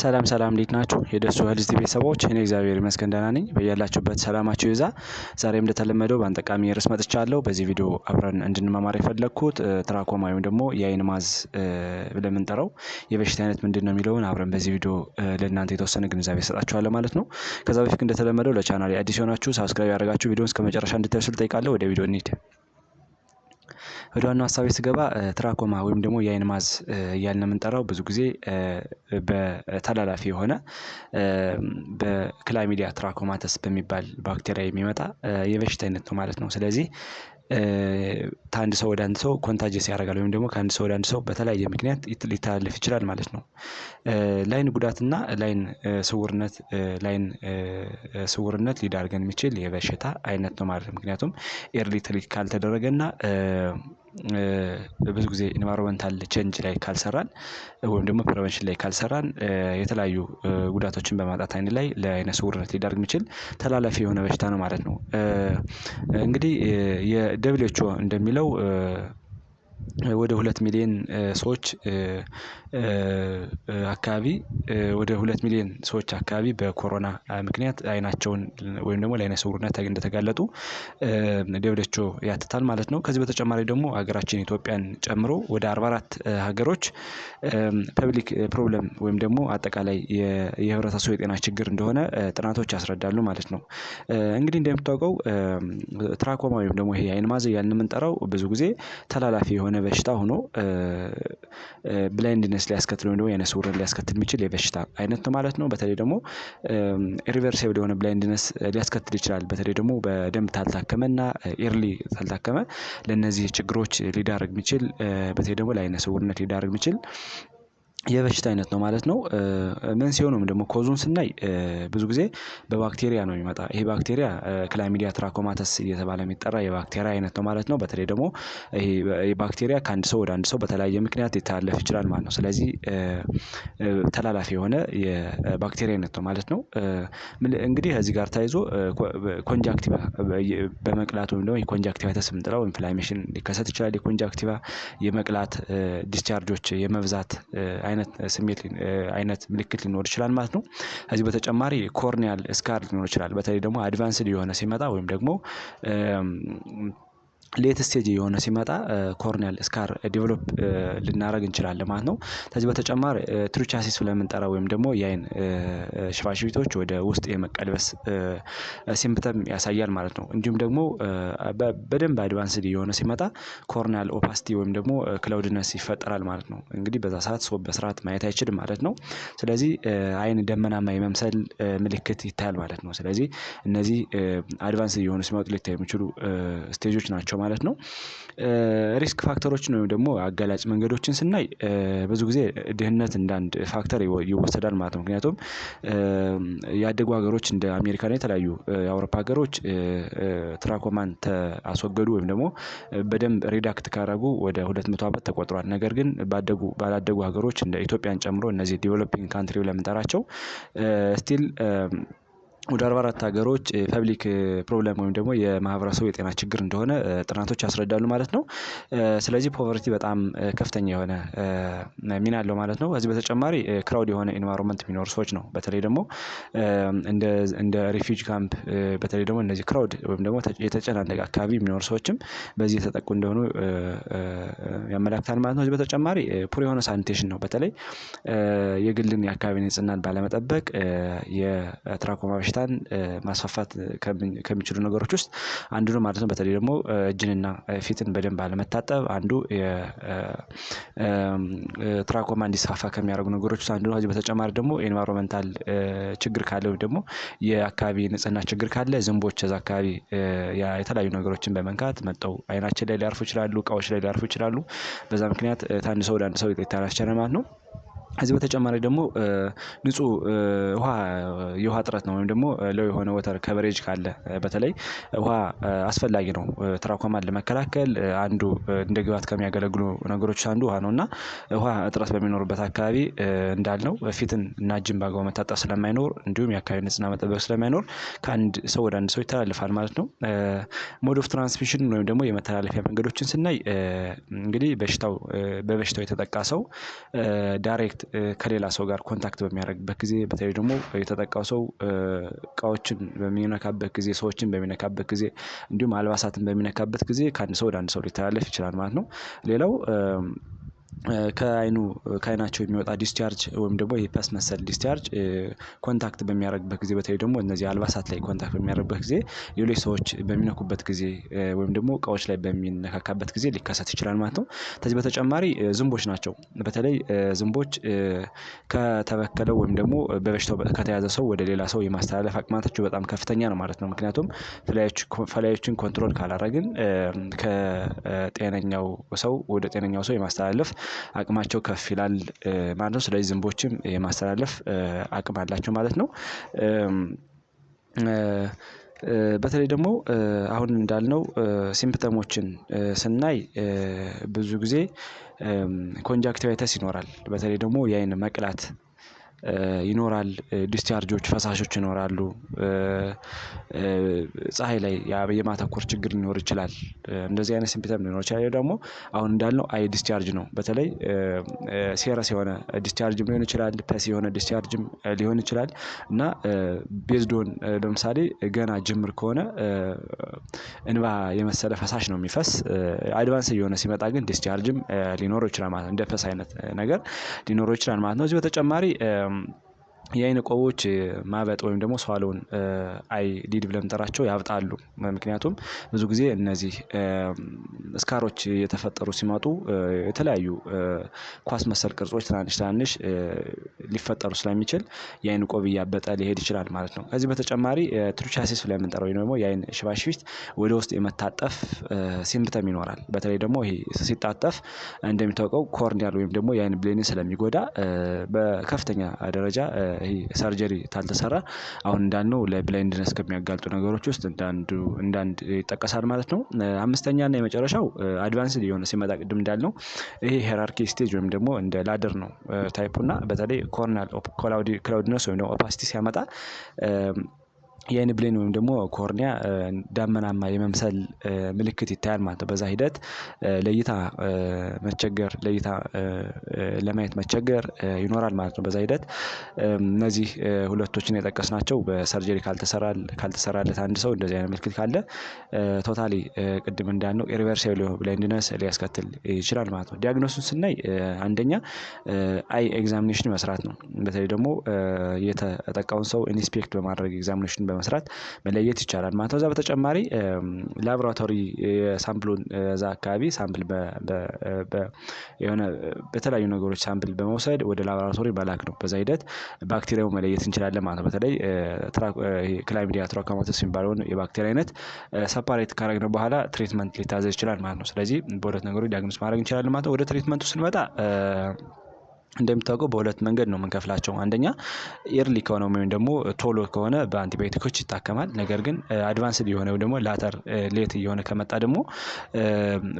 ሰላም ሰላም እንዴት ናችሁ? የደሱ ሄልዝ ቤተሰቦች፣ እኔ እግዚአብሔር ይመስገን ደህና ነኝ። በያላችሁበት ሰላማችሁ ይዛ። ዛሬም እንደተለመደው በአንድ ጠቃሚ ርዕስ መጥቻለሁ። በዚህ ቪዲዮ አብረን እንድንመማር የፈለግኩት ትራኮማ ወይም ደግሞ የአይን ማዝ ብለን የምንጠራው የበሽታ አይነት ምንድን ነው የሚለውን አብረን በዚህ ቪዲዮ ለእናንተ የተወሰነ ግንዛቤ ሰጣችኋለሁ ማለት ነው። ከዛ በፊት እንደተለመደው ለቻናል አዲስ የሆናችሁ ሳብስክራይብ ያደረጋችሁ ቪዲዮን እስከ መጨረሻ እንድታዩት ስል ጠይቃለሁ። ወደ ቪዲዮ እንሂድ። ወደ ዋናው ሀሳቤ ስገባ ትራኮማ ወይም ደግሞ የአይን ማዝ እያልን የምንጠራው ብዙ ጊዜ በተላላፊ የሆነ በክላሚዲያ ትራኮማተስ በሚባል ባክቴሪያ የሚመጣ የበሽታ አይነት ነው ማለት ነው። ስለዚህ ከአንድ ሰው ወደ አንድ ሰው ኮንታጀስ ያደርጋል ወይም ደግሞ ከአንድ ሰው ወደ አንድ ሰው በተለያየ ምክንያት ሊተላለፍ ይችላል ማለት ነው። ላይን ጉዳትና ላይን ስውርነት ላይን ስውርነት ሊዳርገን የሚችል የበሽታ አይነት ነው ማለት ነው። ምክንያቱም ኤርሊ ትሪት ብዙ ጊዜ ኢንቫይሮመንታል ቼንጅ ላይ ካልሰራን ወይም ደግሞ ፕሬቨንሽን ላይ ካልሰራን የተለያዩ ጉዳቶችን በማጣት አይን ላይ ለአይነ ስውርነት ሊዳርግ የሚችል ተላላፊ የሆነ በሽታ ነው ማለት ነው። እንግዲህ የደብሊው እንደሚለው ወደ ሁለት ሚሊዮን ሰዎች አካባቢ ወደ ሁለት ሚሊዮን ሰዎች አካባቢ በኮሮና ምክንያት አይናቸውን ወይም ደግሞ ለአይነ ስውርነት እንደተጋለጡ ደብደቾ ያትታል ማለት ነው። ከዚህ በተጨማሪ ደግሞ ሀገራችን ኢትዮጵያን ጨምሮ ወደ አርባ አራት ሀገሮች ፐብሊክ ፕሮብለም ወይም ደግሞ አጠቃላይ የህብረተሰቡ የጤና ችግር እንደሆነ ጥናቶች ያስረዳሉ ማለት ነው። እንግዲህ እንደምታውቀው ትራኮማ ወይም ደግሞ ይሄ አይን ማዘያ የምንጠራው ብዙ ጊዜ ተላላፊ የሆነ የሆነ በሽታ ሆኖ ብላይንድነስ ሊያስከትል ወይም ደግሞ የዓይነ ሊያስከትል የሚችል የበሽታ አይነት ነው ማለት ነው። በተለይ ደግሞ ሪቨርሴብል የሆነ ብላይንድነስ ሊያስከትል ይችላል። በተለይ ደግሞ በደንብ ታልታከመና ኤርሊ ታልታከመ ለእነዚህ ችግሮች ሊዳርግ የሚችል በተለይ ደግሞ ለዓይነ ስውርነት ሊዳርግ የሚችል የበሽታ አይነት ነው ማለት ነው። ሲሆን ወይም ደግሞ ኮዙን ስናይ ብዙ ጊዜ በባክቴሪያ ነው የሚመጣ ይሄ ባክቴሪያ ክላሚዲያ ትራኮማተስ እየተባለ የሚጠራ የባክቴሪያ አይነት ነው ማለት ነው። በተለይ ደግሞ ይሄ ባክቴሪያ ከአንድ ሰው ወደ አንድ ሰው በተለያየ ምክንያት ሊተላለፍ ይችላል ማለት ነው። ስለዚህ ተላላፊ የሆነ የባክቴሪያ አይነት ነው ማለት ነው። እንግዲህ ከዚህ ጋር ተያይዞ ኮንጃክቲቫ በመቅላት ወይም ደግሞ የኮንጃክቲቫይተስ የምንጠራው ኢንፍላሜሽን ሊከሰት ይችላል። የኮንጃክቲቫ የመቅላት ዲስቻርጆች የመብዛት አይነት ስሜት አይነት ምልክት ሊኖር ይችላል ማለት ነው። ከዚህ በተጨማሪ ኮርኒያል ስካር ሊኖር ይችላል በተለይ ደግሞ አድቫንስድ የሆነ ሲመጣ ወይም ደግሞ ሌት ስቴጅ የሆነ ሲመጣ ኮርኒያል ስካር ዲቨሎፕ ልናደረግ እንችላለን ማለት ነው። ከዚህ በተጨማሪ ትሩቻሲስ ብለን ወይም ደግሞ የአይን ሽፋሽፍቶች ወደ ውስጥ የመቀልበስ ሲምፕተም ያሳያል ማለት ነው። እንዲሁም ደግሞ በደንብ አድቫንስድ የሆነ ሲመጣ ኮርኒያል ኦፓሲቲ ወይም ደግሞ ክላውድነስ ይፈጠራል ማለት ነው። እንግዲህ በዛ ሰዓት ሰው በስርዓት ማየት አይችልም ማለት ነው። ስለዚህ አይን ደመናማ የመምሰል ምልክት ይታያል ማለት ነው። ስለዚህ እነዚህ አድቫንስድ የሆኑ ሲመጡ ሊታዩ የሚችሉ ስቴጆች ናቸው ማለት ነው። ሪስክ ፋክተሮችን ወይም ደግሞ አጋላጭ መንገዶችን ስናይ ብዙ ጊዜ ድህነት እንደ አንድ ፋክተር ይወሰዳል ማለት ነው። ምክንያቱም ያደጉ ሀገሮች እንደ አሜሪካ የተለያዩ የአውሮፓ ሀገሮች ትራኮማን አስወገዱ ወይም ደግሞ በደንብ ሪዳክት ካደረጉ ወደ ሁለት መቶ አመት ተቆጥሯል። ነገር ግን ባላደጉ ሀገሮች እንደ ኢትዮጵያን ጨምሮ እነዚህ ዲቨሎፒንግ ካንትሪ ለምንጠራቸው ስቲል ወደ አርባ ሀገሮች ፐብሊክ ፕሮብለም ወይም ደግሞ የማህበረሰቡ የጤና ችግር እንደሆነ ጥናቶች ያስረዳሉ ማለት ነው። ስለዚህ ፖቨርቲ በጣም ከፍተኛ የሆነ ሚና አለው ማለት ነው። ከዚህ በተጨማሪ ክራውድ የሆነ ኢንቫይሮንመንት የሚኖሩ ሰዎች ነው በተለይ ደግሞ እንደ ሪፊጅ ካምፕ በተለይ ደግሞ እነዚህ ክራውድ ወይም ደግሞ የተጨናነቀ አካባቢ የሚኖሩ ሰዎችም በዚህ የተጠቁ እንደሆኑ ያመላክታል ማለት ነው። ከዚህ በተጨማሪ ፑር የሆነ ሳኒቴሽን ነው በተለይ የግልን የአካባቢ ንጽህናን ባለመጠበቅ የትራኮማ በሽ በሽታን ማስፋፋት ከሚችሉ ነገሮች ውስጥ አንዱ ነው ማለት ነው። በተለይ ደግሞ እጅንና ፊትን በደንብ አለመታጠብ አንዱ ትራኮማ እንዲስፋፋ ከሚያደርጉ ነገሮች ውስጥ አንዱ ነው። ከዚህ በተጨማሪ ደግሞ ኤንቫይሮመንታል ችግር ካለ ወይም ደግሞ የአካባቢ ንጽህና ችግር ካለ ዝንቦች እዛ አካባቢ የተለያዩ ነገሮችን በመንካት መጠው አይናችን ላይ ሊያርፉ ይችላሉ፣ እቃዎች ላይ ሊያርፉ ይችላሉ። በዛ ምክንያት ከአንድ ሰው ወደ አንድ ሰው ሊተላለፍ ይችላል ማለት ነው። ከዚህ በተጨማሪ ደግሞ ንጹህ ውሃ የውሃ እጥረት ነው ወይም ደግሞ ለው የሆነ ወተር ከበሬጅ ካለ በተለይ ውሃ አስፈላጊ ነው። ትራኮማን ለመከላከል አንዱ እንደ ግባት ከሚያገለግሉ ነገሮች አንዱ ውሃ ነው እና ውሃ እጥረት በሚኖርበት አካባቢ እንዳልነው ፊትን እና እጅን በአግባቡ መታጠብ ስለማይኖር እንዲሁም የአካባቢ ንጽህና መጠበቅ ስለማይኖር ከአንድ ሰው ወደ አንድ ሰው ይተላልፋል ማለት ነው። ሞድ ኦፍ ትራንስሚሽን ወይም ደግሞ የመተላለፊያ መንገዶችን ስናይ እንግዲህ በሽታው በበሽታው የተጠቃ ሰው ዳይሬክት ከሌላ ሰው ጋር ኮንታክት በሚያደርግበት ጊዜ በተለይ ደግሞ የተጠቃው ሰው እቃዎችን በሚነካበት ጊዜ ሰዎችን በሚነካበት ጊዜ እንዲሁም አልባሳትን በሚነካበት ጊዜ ከአንድ ሰው ወደ አንድ ሰው ሊተላለፍ ይችላል ማለት ነው። ሌላው ከአይኑ ከአይናቸው የሚወጣ ዲስቻርጅ ወይም ደግሞ ይሄ ፐስ መሰል ዲስቻርጅ ኮንታክት በሚያደርግበት ጊዜ በተለይ ደግሞ እነዚህ አልባሳት ላይ ኮንታክት በሚያደርግበት ጊዜ ሌሎች ሰዎች በሚነኩበት ጊዜ ወይም ደግሞ እቃዎች ላይ በሚነካካበት ጊዜ ሊከሰት ይችላል ማለት ነው። ከዚህ በተጨማሪ ዝንቦች ናቸው በተለይ ዝንቦች ከተበከለው ወይም ደግሞ በበሽታው ከተያዘ ሰው ወደ ሌላ ሰው የማስተላለፍ አቅማታቸው በጣም ከፍተኛ ነው ማለት ነው። ምክንያቱም ፈላዮችን ኮንትሮል ካላረግን ከጤነኛው ሰው ወደ ጤነኛው ሰው የማስተላለፍ አቅማቸው ከፍ ይላል ማለት ነው። ስለዚህ ዝንቦችም የማስተላለፍ አቅም አላቸው ማለት ነው። በተለይ ደግሞ አሁን እንዳልነው ሲምፕተሞችን ስናይ ብዙ ጊዜ ኮንጃክቲቫይተስ ይኖራል በተለይ ደግሞ የአይን መቅላት ይኖራል ዲስቻርጆች ፈሳሾች ይኖራሉ። ፀሐይ ላይ የማተኮር ችግር ሊኖር ይችላል እንደዚህ አይነት ሲምፒተም ሊኖር ይችላል። ደግሞ አሁን እንዳልነው አይ ዲስቻርጅ ነው በተለይ ሴረስ የሆነ ዲስቻርጅም ሊሆን ይችላል ፐስ የሆነ ዲስቻርጅም ሊሆን ይችላል። እና ቤዝዶን ለምሳሌ ገና ጅምር ከሆነ እንባ የመሰለ ፈሳሽ ነው የሚፈስ አድቫንስ እየሆነ ሲመጣ ግን ዲስቻርጅም ሊኖረው ይችላል ማለት ነው። እንደ ፈስ አይነት ነገር ሊኖረው ይችላል ማለት ነው። እዚህ በተጨማሪ um, የአይን ቆቦች ማበጥ ወይም ደግሞ ሷሎውን አይ ሊድ ብለን ጠራቸው ያብጣሉ። ምክንያቱም ብዙ ጊዜ እነዚህ ስካሮች እየተፈጠሩ ሲመጡ የተለያዩ ኳስ መሰል ቅርጾች ትናንሽ ትናንሽ ሊፈጠሩ ስለሚችል የአይን ቆብ እያበጠ ሊሄድ ይችላል ማለት ነው። ከዚህ በተጨማሪ ትሩቻሲስ ብለን የምንጠራው ወይም ደግሞ የአይን ሽባሽፊት ወደ ውስጥ የመታጠፍ ሲምፕተም ይኖራል። በተለይ ደግሞ ይሄ ሲታጠፍ እንደሚታወቀው ኮርኒያል ወይም ደግሞ የአይን ብሌንን ስለሚጎዳ በከፍተኛ ደረጃ ሰርጀሪ ታልተሰራ አሁን እንዳልነው ለብላይንድነስ ከሚያጋልጡ ነገሮች ውስጥ እንዳንዱ እንዳንድ ይጠቀሳል ማለት ነው። አምስተኛ እና የመጨረሻው አድቫንስድ የሆነ ሲመጣ ቅድም እንዳልነው ይሄ ሄራርኪ ስቴጅ ወይም ደግሞ እንደ ላደር ነው ታይፑ እና በተለይ ኮርናል ክላውድነስ ወይም ደግሞ ኦፓሲቲ ሲያመጣ የአይን ብሌን ወይም ደግሞ ኮርኒያ ዳመናማ የመምሰል ምልክት ይታያል ማለት ነው። በዛ ሂደት ለእይታ መቸገር ለእይታ ለማየት መቸገር ይኖራል ማለት ነው። በዛ ሂደት እነዚህ ሁለቶችን የጠቀስናቸው በሰርጀሪ ካልተሰራለት አንድ ሰው እንደዚህ አይነት ምልክት ካለ ቶታሊ ቅድም እንዳልነው ኢሪቨርሲብል ብላይንድነስ ሊያስከትል ይችላል ማለት ነው። ዲያግኖሱን ስናይ አንደኛ አይ ኤግዛሚኔሽን መስራት ነው። በተለይ ደግሞ የተጠቃውን ሰው ኢንስፔክት በማድረግ ኤግዛሚኔሽን በመስራት መለየት ይቻላል ማለት ነው። ከዛ በተጨማሪ ላብራቶሪ ሳምፕሉን እዛ አካባቢ ሳምፕል የሆነ በተለያዩ ነገሮች ሳምፕል በመውሰድ ወደ ላቦራቶሪ መላክ ነው። በዛ ሂደት ባክቴሪያው መለየት እንችላለን ማለት ነው። በተለይ ክላሚዲያ ትራኮማቲስ የሚባለውን የባክቴሪያ አይነት ሰፓሬት ካረግነው በኋላ ትሪትመንት ሊታዘዝ ይችላል ማለት ነው። ስለዚህ በሁለት ነገሮች ዲያግኖስ ማድረግ እንችላለን ማለት ነው። ወደ ትሪትመንቱ ስንመጣ እንደሚታወቀው በሁለት መንገድ ነው የምንከፍላቸው። አንደኛ ኤርሊ ከሆነ ወይም ደግሞ ቶሎ ከሆነ በአንቲባዮቲኮች ይታከማል። ነገር ግን አድቫንስድ የሆነ ወይም ደግሞ ላተር ሌት እየሆነ ከመጣ ደግሞ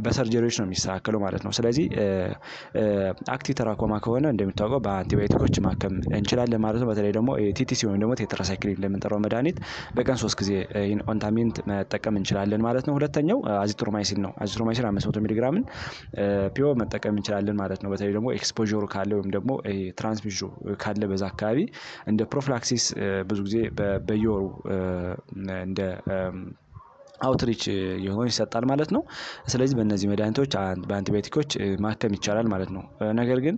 በሰርጀሪዎች ነው የሚስተካከለው ማለት ነው። ስለዚህ አክቲቭ ተራኮማ ከሆነ እንደሚታወቀው በአንቲባዮቲኮች ማከም እንችላለን ማለት ነው። በተለይ ደግሞ ቲቲሲ ወይም ደግሞ ቴትራሳይክሊን እንደምንጠራው መድኃኒት በቀን ሶስት ጊዜ ኦንታሚንት መጠቀም እንችላለን ማለት ነው። ሁለተኛው አዚትሮማይሲን ነው። አዚትሮማይሲን አምስት መቶ ሚሊግራምን ፒዮ መጠቀም እንችላለን ማለት ነው። በተለይ ደግሞ ኤክስፖሩ ካለው ወይም ደግሞ ትራንስሚሽኑ ካለ በዛ አካባቢ እንደ ፕሮፍላክሲስ ብዙ ጊዜ በየወሩ እንደ አውትሪች የሆነ ይሰጣል ማለት ነው። ስለዚህ በእነዚህ መድኃኒቶች በአንቲባዮቲኮች ማከም ይቻላል ማለት ነው። ነገር ግን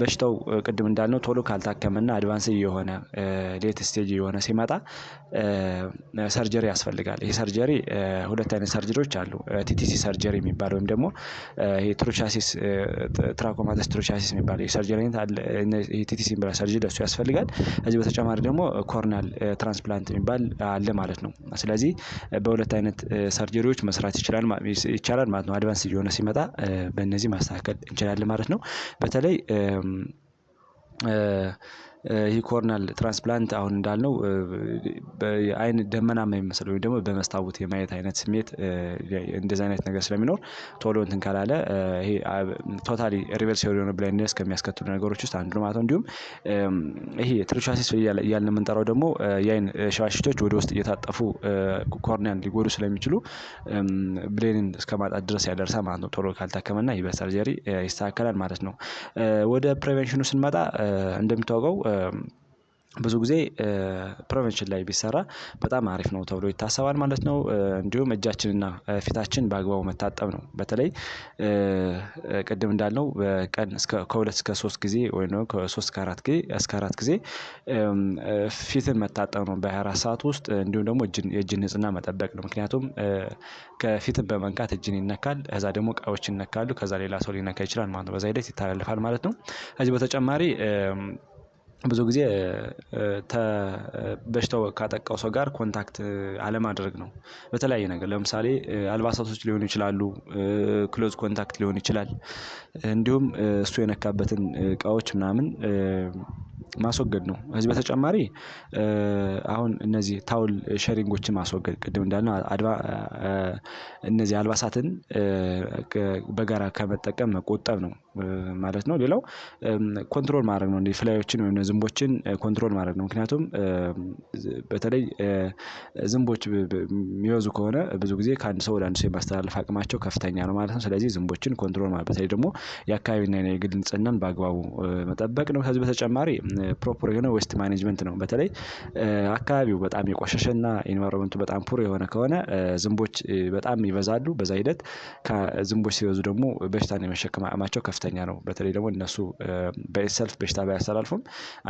በሽታው ቅድም እንዳልነው ቶሎ ካልታከመና አድቫንስ የሆነ ሌት ስቴጅ የሆነ ሲመጣ ሰርጀሪ ያስፈልጋል። ይህ ሰርጀሪ ሁለት አይነት ሰርጀሪዎች አሉ። ቲቲሲ ሰርጀሪ የሚባል ወይም ደግሞ ትሮቻሲስ ትራኮማተስ ትሮቻሲስ የሚባል ሰርጀሪ ቲቲሲ የሚባል ሰርጀሪ ደሱ ያስፈልጋል። ከዚህ በተጨማሪ ደግሞ ኮርናል ትራንስፕላንት የሚባል አለ ማለት ነው። ስለዚህ በሁለት አይነት ሰርጀሪዎች መስራት ይችላል ይቻላል ማለት ነው። አድቫንስ እየሆነ ሲመጣ በእነዚህ ማስተካከል እንችላለን ማለት ነው። በተለይ ይህ ኮርናል ትራንስፕላንት አሁን እንዳልነው አይን ደመናማ የሚመስል ወይም ደግሞ በመስታወት የማየት አይነት ስሜት እንደዚ አይነት ነገር ስለሚኖር ቶሎ እንትን ካላለ ይሄ ቶታሊ ሪቨርስ የሆነ ብላይንድነስ ከሚያስከትሉ ነገሮች ውስጥ አንዱ ማለት ነው። እንዲሁም ይሄ ትሪቻሲስ እያልን የምንጠራው ደግሞ የአይን ሸዋሽቶች ወደ ውስጥ እየታጠፉ ኮርኒያን ሊጎዱ ስለሚችሉ ብሌንን እስከ ማጣት ድረስ ያደርሳ ማለት ነው። ቶሎ ካልታከመና ይህ በሰርጀሪ ይስተካከላል ማለት ነው። ወደ ፕሬቨንሽኑ ስንመጣ እንደሚታወቀው ብዙ ጊዜ ፕሪቨንሽን ላይ ቢሰራ በጣም አሪፍ ነው ተብሎ ይታሰባል ማለት ነው። እንዲሁም እጃችንና ፊታችን በአግባቡ መታጠብ ነው። በተለይ ቅድም እንዳልነው በቀን ከሁለት እስከ ሶስት ጊዜ ወይ ደግሞ ከሶስት ከአራት ጊዜ እስከ አራት ጊዜ ፊትን መታጠብ ነው። በሃያ አራት ሰዓት ውስጥ እንዲሁም ደግሞ የእጅን ንጽህና መጠበቅ ነው። ምክንያቱም ከፊትን በመንካት እጅን ይነካል ከዛ ደግሞ እቃዎች ይነካሉ ከዛ ሌላ ሰው ሊነካ ይችላል ማለት ነው። በዛ ሂደት ይተላለፋል ማለት ነው። ከዚህ በተጨማሪ ብዙ ጊዜ በሽታው ካጠቃው ሰው ጋር ኮንታክት አለማድረግ ነው። በተለያየ ነገር ለምሳሌ አልባሳቶች ሊሆኑ ይችላሉ ክሎዝ ኮንታክት ሊሆን ይችላል። እንዲሁም እሱ የነካበትን እቃዎች ምናምን ማስወገድ ነው። ከዚህ በተጨማሪ አሁን እነዚህ ታውል ሸሪንጎችን ማስወገድ ቅድም እንዳልነው እነዚህ አልባሳትን በጋራ ከመጠቀም መቆጠብ ነው ማለት ነው። ሌላው ኮንትሮል ማድረግ ነው ፍላዮችን ወይም ዝንቦችን ኮንትሮል ማድረግ ነው። ምክንያቱም በተለይ ዝንቦች የሚበዙ ከሆነ ብዙ ጊዜ ከአንድ ሰው ወደ አንድ ሰው የማስተላለፍ አቅማቸው ከፍተኛ ነው ማለት ነው። ስለዚህ ዝንቦችን ኮንትሮል ማለት በተለይ ደግሞ የአካባቢና የግል ንጽህናን በአግባቡ መጠበቅ ነው። ከዚህ በተጨማሪ ፕሮፐር የሆነ ዌስት ማኔጅመንት ነው። በተለይ አካባቢው በጣም የቆሸሸና ኢንቫይሮመንቱ በጣም ፑር የሆነ ከሆነ ዝንቦች በጣም ይበዛሉ። በዛ ሂደት ዝንቦች ሲበዙ ደግሞ በሽታን የመሸከም አቅማቸው ከፍተኛ ነው። በተለይ ደግሞ እነሱ በሰልፍ በሽታ ባያስተላልፉም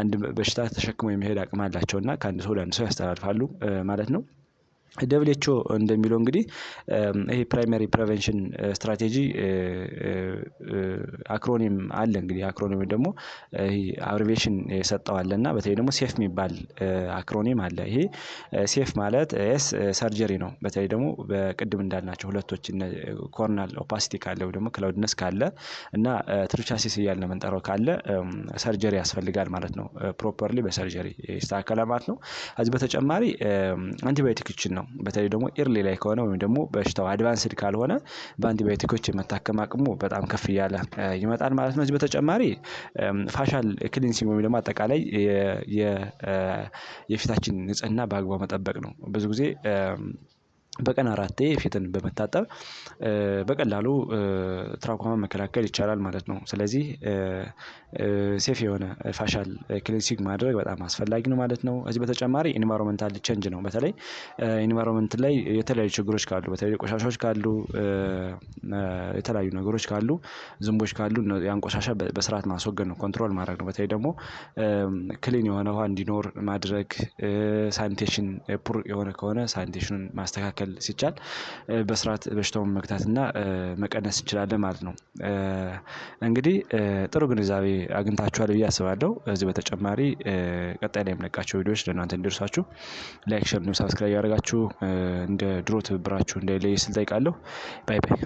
አንድ በሽታ ተሸክሞ የመሄድ አቅም አላቸው እና ከአንድ ሰው ለአንድ ሰው ያስተላልፋሉ ማለት ነው ደብሌቾ እንደሚለው እንግዲህ ይሄ ፕራይማሪ ፕሬቨንሽን ስትራቴጂ አክሮኒም አለ እንግዲህ አክሮኒም ደግሞ አብሪቬሽን የሰጠው አለ እና በተለይ ደግሞ ሴፍ የሚባል አክሮኒም አለ። ይሄ ሴፍ ማለት ኤስ ሰርጀሪ ነው። በተለይ ደግሞ በቅድም እንዳልናቸው ሁለቶች ኮርናል ኦፓሲቲ ካለ ወይ ደግሞ ክላውድነስ ካለ እና ትሩቻሲስ እያልን የምንጠራው ካለ ሰርጀሪ ያስፈልጋል ማለት ነው። ፕሮፐርሊ በሰርጀሪ ይስተካከላል ማለት ነው። ከዚህ በተጨማሪ አንቲባዮቲክችን ነው ነው። በተለይ ደግሞ ኤርሊ ላይ ከሆነ ወይም ደግሞ በሽታው አድቫንስድ ካልሆነ በአንቲባዮቲኮች የመታከም አቅሙ በጣም ከፍ እያለ ይመጣል ማለት ነው። እዚህ በተጨማሪ ፋሻል ክሊንሲንግ ወይም ደግሞ አጠቃላይ የፊታችን ንጽህና በአግባው መጠበቅ ነው። ብዙ ጊዜ በቀን አራቴ ፊትን በመታጠብ በቀላሉ ትራኮማን መከላከል ይቻላል ማለት ነው። ስለዚህ ሴፍ የሆነ ፋሻል ክሊንሲንግ ማድረግ በጣም አስፈላጊ ነው ማለት ነው። እዚህ በተጨማሪ ኢንቫይሮንመንታል ቼንጅ ነው። በተለይ ኢንቫይሮንመንት ላይ የተለያዩ ችግሮች ካሉ፣ በተለይ ቆሻሻዎች ካሉ፣ የተለያዩ ነገሮች ካሉ፣ ዝንቦች ካሉ ያን ቆሻሻ በስርዓት ማስወገድ ነው፣ ኮንትሮል ማድረግ ነው። በተለይ ደግሞ ክሊን የሆነ ውሃ እንዲኖር ማድረግ፣ ሳኒቴሽን ፑር የሆነ ከሆነ ሳኒቴሽኑን ማስተካከል መከላከል ሲቻል በስርዓት በሽታውን መግታትና መቀነስ እንችላለን ማለት ነው። እንግዲህ ጥሩ ግንዛቤ አግኝታችኋል ብዬ አስባለሁ። እዚህ በተጨማሪ ቀጣይ ላይ የምለቃቸው ቪዲዮዎች ለእናንተ እንዲደርሷችሁ ላይክ፣ ሸር፣ ሳብስክራይብ ያደርጋችሁ እንደ ድሮ ትብብራችሁ እንዳይለይ ስል ጠይቃለሁ። ባይ ባይ።